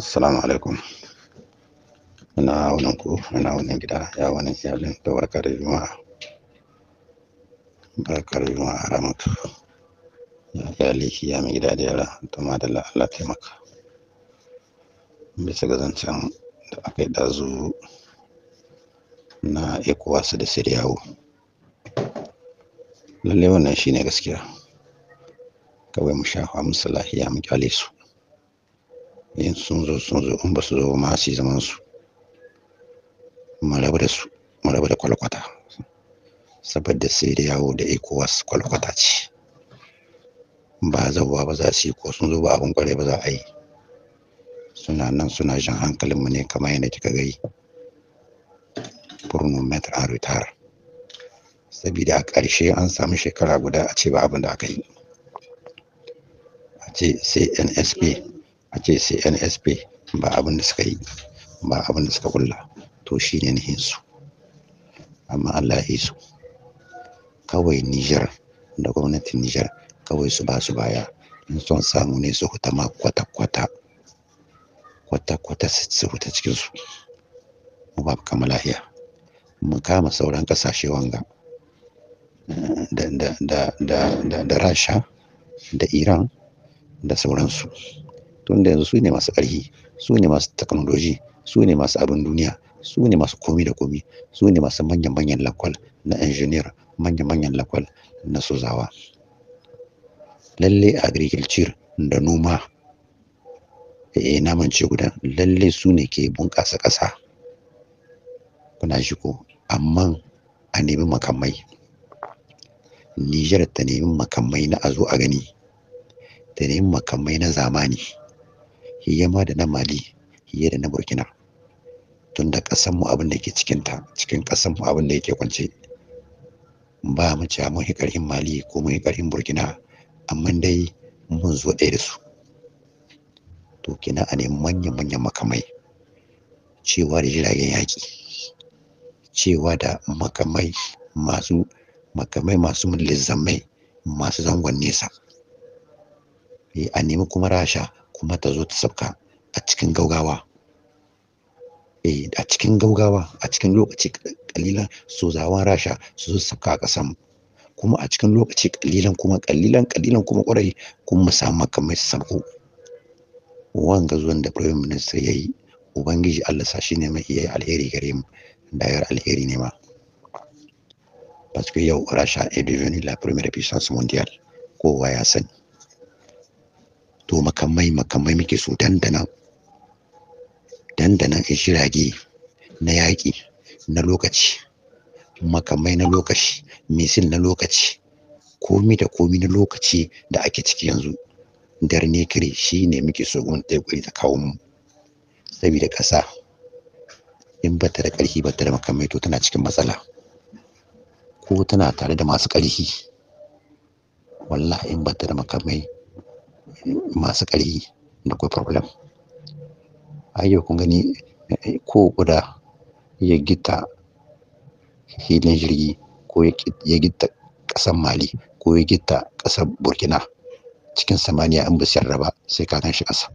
assalamu alaikum ina wannan ku ina wannan gida ya wannan iyalin da barka da juma'a barka da juma'a ramatu ya iyali ya mai gida da yara to ma da Allah taimaka bisa ga zancen da aka yi dazu na ecowas da siriyawo lallai wannan shine gaskiya kawai mu shafa musu lahiya mu kyale su in sun zo sun zo in ba su zo ma su zaman su malabu da su malabu da kwalkwata saboda sai da yawo da ecowas kwalkwata ce ba zauwa ba za su yi ko sun zo ba abin kwarai ba za a yi suna nan suna jan hankalinmu ne kamar yadda kika gai furno metar an ritar saboda a ƙarshe an samu shekara guda a ce ba abin da aka yi a ce sai nsp a ce sai nsp ba abin da suka yi ba abin da suka kulla to shi ne su amma allah ya su kawai Niger da gwamnatin Niger kawai su ba su baya in son samu ne su huta ma kwata-kwata kwata-kwata su huta cikinsu mu ba kama lahiya mu kama sauran kasashe wanga da rasha da iran da sauransu tunda yanzu su ne masu ƙarfi su ne masu teknoloji su ne masu abin duniya su ne masu komi da komi su ne masu manyan-manyan lakwal na injiniyar manyan-manyan lakwal na sozawa lalle agriculture da noma e naman ce guda lalle su ne ke bunƙasa ƙasa kuna shi ko amma a nemi makamai Nijar ta nemi makamai na azo a gani ta nemi makamai na zamani hiye ma da na mali hiye da na burkina tun da ƙasan mu abin da ke cikinta cikin ƙasan mu abin da yake kwance ba mu ci mun yi ƙarfin mali ko mun yi ƙarfin burkina amma dai mun zo ɗaya da su to kina a ne manyan manyan makamai cewa da jiragen yaƙi cewa da makamai masu makamai masu mai, masu zangon nesa eh, a nemi kuma rasha kuma ta zo ta sauka a cikin gaugawa eh a cikin gaugawa a cikin lokaci kalilan sozawan rasha su zo sauka a ƙasan kuma a cikin lokaci kalilan kuma kalilan kalilan kuma kwarai kuma mu samu makamai su sabko wanga zuwan da prime minister ya yi ubangiji allah sa shi ne mai iya alheri gare mu dayar alheri ne ma parce que yau rasha est devenu la première puissance mondiale kowa ya sani to makamai makamai muke so dandanan dandanan in shirage na yaƙi na lokaci makamai na lokaci misil na lokaci komi da komi na lokaci da ake ciki yanzu darne kire shi ne muke so gwamnati ya gwani ta kawo mu saboda ƙasa in ba ta da ƙarfi ba ta da makamai to tana cikin matsala ko tana tare da masu ƙarfi wallahi in ba ta da makamai masu ƙarfi da kwai problem ayyo kun gani eh, ko guda ya gita hilin jirgi ko ya gita ƙasar mali ko ya gita ƙasar burkina cikin samaniya an yarda ba sai ka gan shi ƙasa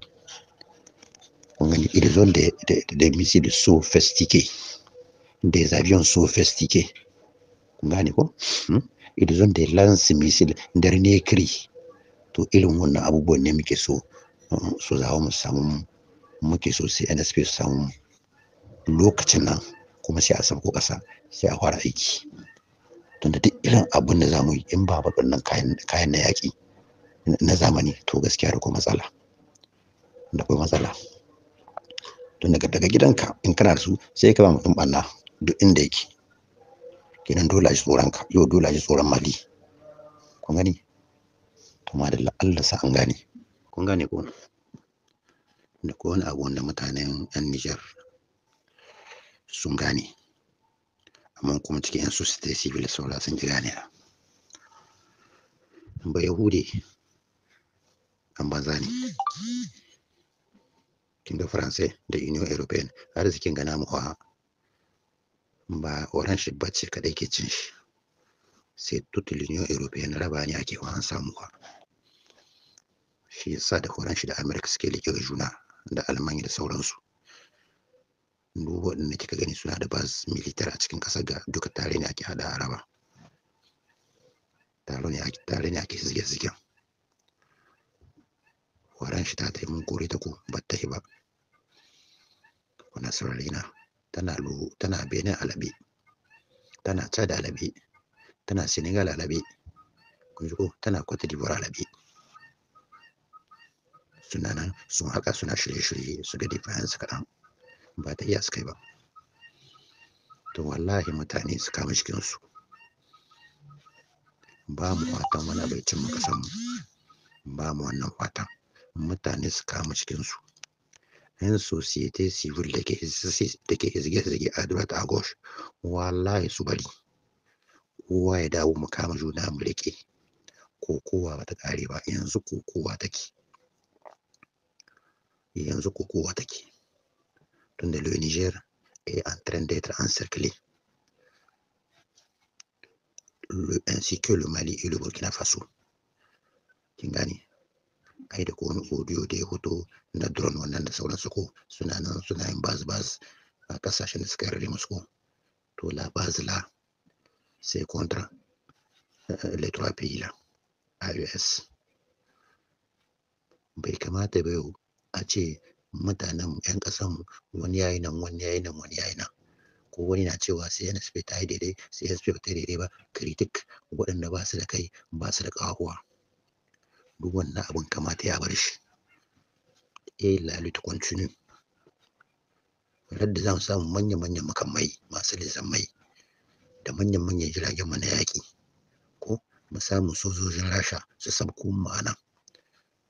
kun gani it is all the, the, the da ya des avions kun gane ko irizon da ya lansi lance missile ne kiri. to irin wannan abubuwan ne muke so uh, su zawo mu samu muke so sai nsp su samu lokacin nan kuma sai a ko ƙasa sai a fara aiki tunda duk irin abin da zamu yi in ba waɗannan kayan na yaƙi na zamani to gaskiya da kuma matsala da kuma matsala don daga daga gidanka in kana da su sai ka ba mutum ɓanna duk inda yake kenan dole a ji tsoron ka yau dole a ji tsoron mali kun gani Kuma da Allah sa an gane kun gane ko da ko wani abu wanda mutanen yan Nijar sun gane amma kuma cikin yan society civil saura sun ji gane ba Yahudi an banza ne kin ga Faransai da Union European kin gana mu ba orange shi ce kadai ke cin shi sai tutu l'union européenne raba ne ake wa an samu ba shi yasa da horon shi da america suke liƙe ga juna da almanya da sauransu duk waɗanda kika gani suna da bas militar a cikin ƙasar ga duka tare ne ake haɗa araba. tare ne ake tare ne ake zige-zigen horon shi ta taimun kore ta ko ba ta ba wannan saurari na tana lu tana bene alabi tana ca da alabi tana Senegal a labe kun ko tana Cote d'Ivoire a labe suna nan sun haka suna shirye-shirye su ga defiance kaɗan ba ta iya su kai ba to wallahi mutane su kama cikinsu ba mu fatan wani abincin muka samu ba mu wannan fatan mutane su kama cikinsu yan societe civil da ke izge-izge a ta agos, wallahi su bari kowa ya dawo mu kama juna mu rike kokowa ba ta ƙare ba yanzu kokowa take yanzu kokowa take tun da le Niger est eh, en train d'être encerclé le, ainsi que le Mali et le Burkina Faso kin gane ai da wani audio da ya hoto na drone wannan da sauran su ko suna nan suna yin baz baz a kasashen da suka yarda musu ko to la baz la c'est contre euh, les trois pays-là, AES. Bai kamata ba yau a ce mutanen 'yan ƙasan wani yayi nan wani yayi nan wani yayi nan ko wani na cewa sai NSP ta yi daidai sai NSP ba ta yi daidai ba kritik waɗanda ba su da kai ba su da ƙahuwa duk wannan abin kamata ya bar shi eh lalu ta continue wadda za mu samu manya-manyan makamai masu mai. da manyan manyan jiragen mu na yaƙi ko mu samu sojojin rasha su sabko mu a nan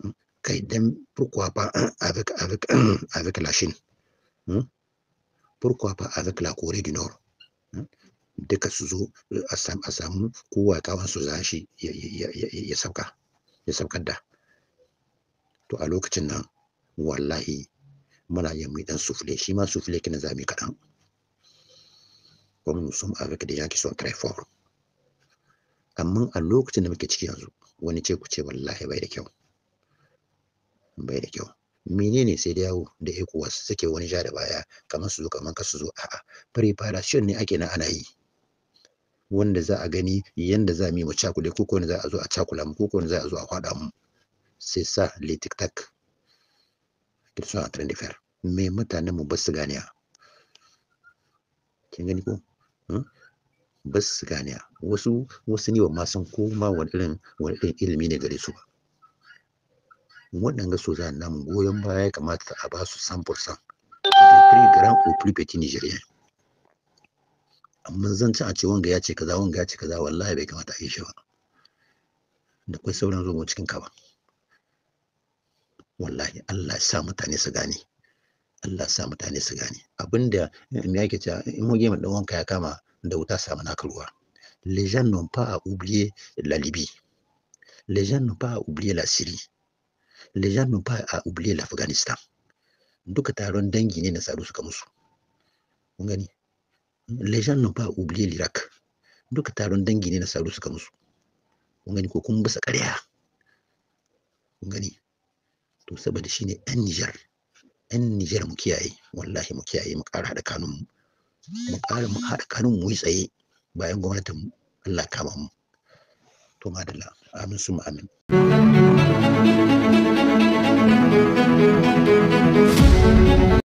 hmm, kai dan pourquoi a avec avec avec la hmm, hmm, duka su zo a samu kowa kawan su zashi ya sauka ya saukar da to a lokacin nan wallahi muna yin mai dan sufle shi ma sufle kina zabi kaɗan comme nous sommes avec des gens qui sont très forts amma a lokacin da muke ciki yanzu wani ce ku ce wallahi bai da kyau bai da kyau menene sai da yawo da ecowas suke wani ja da baya kamar su zo kamar ka su zo a'a preparation ne ake na ana yi wanda za a gani yanda za mu yi mu cakule ko ko za a zo a cakula mu ko ko za a zo a kwada mu sai sa le tic tac qu'ils a en train me mutanen mu ba su ganiya kin gani ko Hmm? ba su gane wasu wasu ne ba ma san ko ma wani irin ilimi ne gare su Wannan waɗanga so za goyon baya ya kamata a ba su samfur san prix grand ou prix petit amma zan ci a ce wanga ya ce kaza wanga ya ce kaza wallahi bai kamata a yi shi ba da kwai sauran zo cikin ka ba wallahi Allah ya sa mutane su gane Allah sa mutane su gane abinda me yake cewa in mu gema dan wanka ya kama da wuta samu na kalwa. les gens n'ont pas à oublier la Libye les gens n'ont pas à oublier la Syrie les gens n'ont pas à oublier l'Afghanistan duka taron dangi ne na sadu suka musu mun gani les gens n'ont pas à oublier l'Irak duka taron dangi ne na sadu suka musu mun gani ko kun bisa ƙarya kun gani to saboda shine ɗan Nijar 'yan Nijar mu kiyaye wallahi mu kiyaye mu ƙara haɗa kanunmu mu ƙara mu haɗa kanunmu mu yi tsaye bayan gwamnatin Allah kama mu to madalla amin su amin